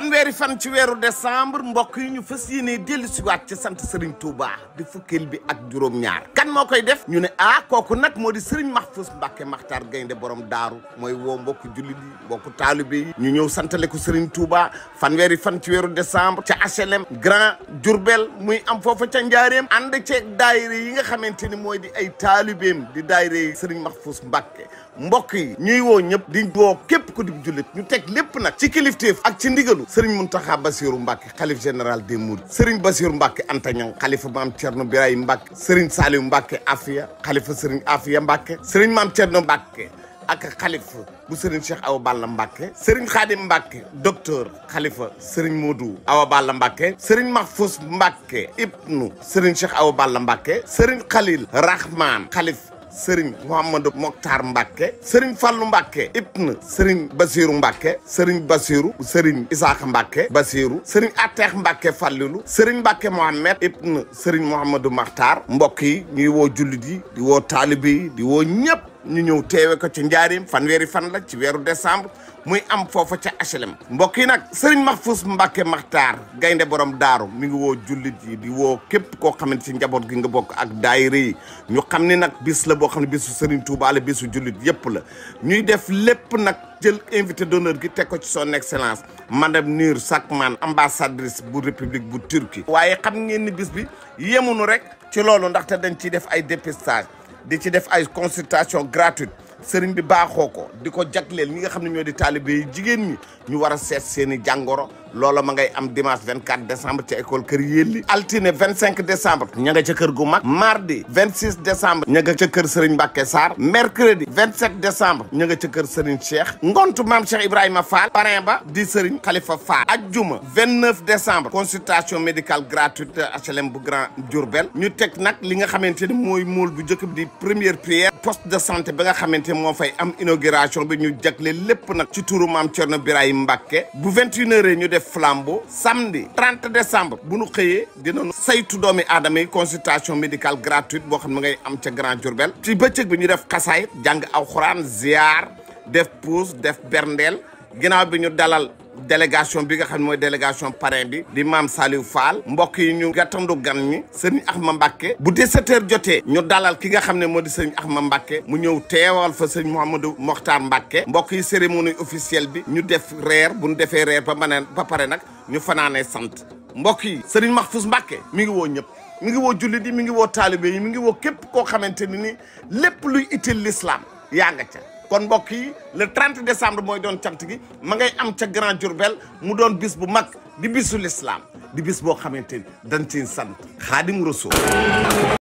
fanweeri fan ci weeru décembre mbokk yi ñu fas yéenee dellu si waat ci sant Serigne Touba di fukkeel bi ak juróom-ñaar kan moo koy def ñu ne ah kooku nag moo di Serigne Mahfous Mbacke Makhtar Gaynde borom daaru mooy mbokku jullit yi mbokku taalibe yi ñu ñëw santale ko Serigne Touba fanweeri fan ci weeru décembre ca HLM Grand Diourbel muy am foofa ca Njaareem ànd ceeg daayira yi nga xamante ni mooy di ay taalibeem di daayira yi Serigne Mahfous Mbacke mbokk yi ñuy woo ñëpp di woo képp ku di jullit ñu teg lépp nag ci kilifteef ak ci ndigalu sëriñ Muntaxa Basiru Mbàkke xalif général des Mourides sëriñ Basiru Mbàkke Anta Ñang xalifa maam Cerno Birahim Mbàkke sëriñ Saaliw Mbàkke Afiya xalifa sëriñ Afiya Mbàkke sëriñ maam Cerno Mbàkke ak xalif bu sëriñ Cheikh Awa Balla Mbacke sëriñ Khadim Mbacke docteur xalifa sëriñ Modou Awa Balla Mbacke sëriñ Mahfous Mbacke ibnu sëriñ Cheikh Awa Balla Mbacke sëriñ Khalil Rahman sëriñ Mouhamadou Mokhtar Mbacke sëriñ Fallou Mbacke ibn sëriñ Basiru Mbacke sëriñ Basiru sëriñ Isaaka Mbacke Basiru sëriñ Ateex Mbacke Fallilu sëriñ Mbacke Mohamed ibn sëriñ Mouhamadou Mokhtar mbokk yi ñuy woo jullit yi di woo taalibe yi di woo ñëpp ñu ñëw teewe ko ci fan fanweeri fan la ci weeru décembre muy am foofa ca HLM mbokk yi nag Serigne Mahfous Mbacke Makhtar gaynde borom daaru mi ngi woo jullit yi di woo képp koo xamante ci njaboot gi nga bokk ak daayira yi ñu xam ne nag bis la boo xam ne bisu Serigne Touba la bisu jullit yëpp la ñuy def lépp nag jël invité d'honneur gi teg ko ci son excellence niir Nur Sakman ambassadrice bu république bu Turquie waaye xam ngeen ni bis bi yemunu rek ci loolu ndaxte dañ ciy def ay dépistage di ci def ay consultation gratuite sëriñ bi baaxoo ko di ko jagleel ñi nga xam ne ñoo di taalibe yi jigéen ñi ñu war a seet seen i jàngoro loola ma ngay am dimanche 24 décembre ca école kër yéelli altine 25 décembre ña nga ca kër gu mag mardi 26 décembre ña nga ca kër sëriñ Mbàkke Sarr mercredi 27 décembre ña nga ca kër sëriñ Cheikh ngontu maam Cheikh Ibrahima Fall parrain ba di sëriñ Khalifa Fall ajjuma 29 décembre consultation médical gratuite HLM bu Grand Diourbel ñu teg nag li nga xamante ni mooy móol bu njëkk bi di première prière poste moo fay am inauguration bi ñu jagle lépp nag ci turu maam Thierno Birahim Mbacké bu 21h ñu def flambeau samedi 30 décembre bu nu xëyee dinañu saytu doomi adamay yi consultation médicale gratuite boo xam ne ngay am ca Grand Diourbel ci bëccëg bi ñu def kasaayit jàng alxuraan ziar def puus def berndel ginnaaw bi ñu dalal délégation bi nga xam ne mooy délégation parrain bi di maam Saliou faal mbokk yi ñu gàttandu gan ñi sëriñ ma Mbacke bu 17h jotee ñu dalal ki nga xam ne moo di sëriñ ma Mbacke mu ñëw teewal fa sëriñ Mouhamadou Mokhtar Mbacke mbokk yi cérémonie officielle bi ñu def reer bu ñu defee reer ba mën ba pare nag ñu fanaanee sant mbokk yi sëriñ Mahfous Mbacke mi ngi woo ñëpp mi ngi woo jullit yi mi ngi woo taalibe yi mi ngi woo képp koo xamante ni ni lépp luy itteel l'islam yaa nga kon mbokk yi le trente décembre mooy doon cant gi ma ngay am ca Grand Diourbel mu doon bis bu mag di bisu l'islam di bis boo xamante ni dañ ciy sant Xaadim Rasuul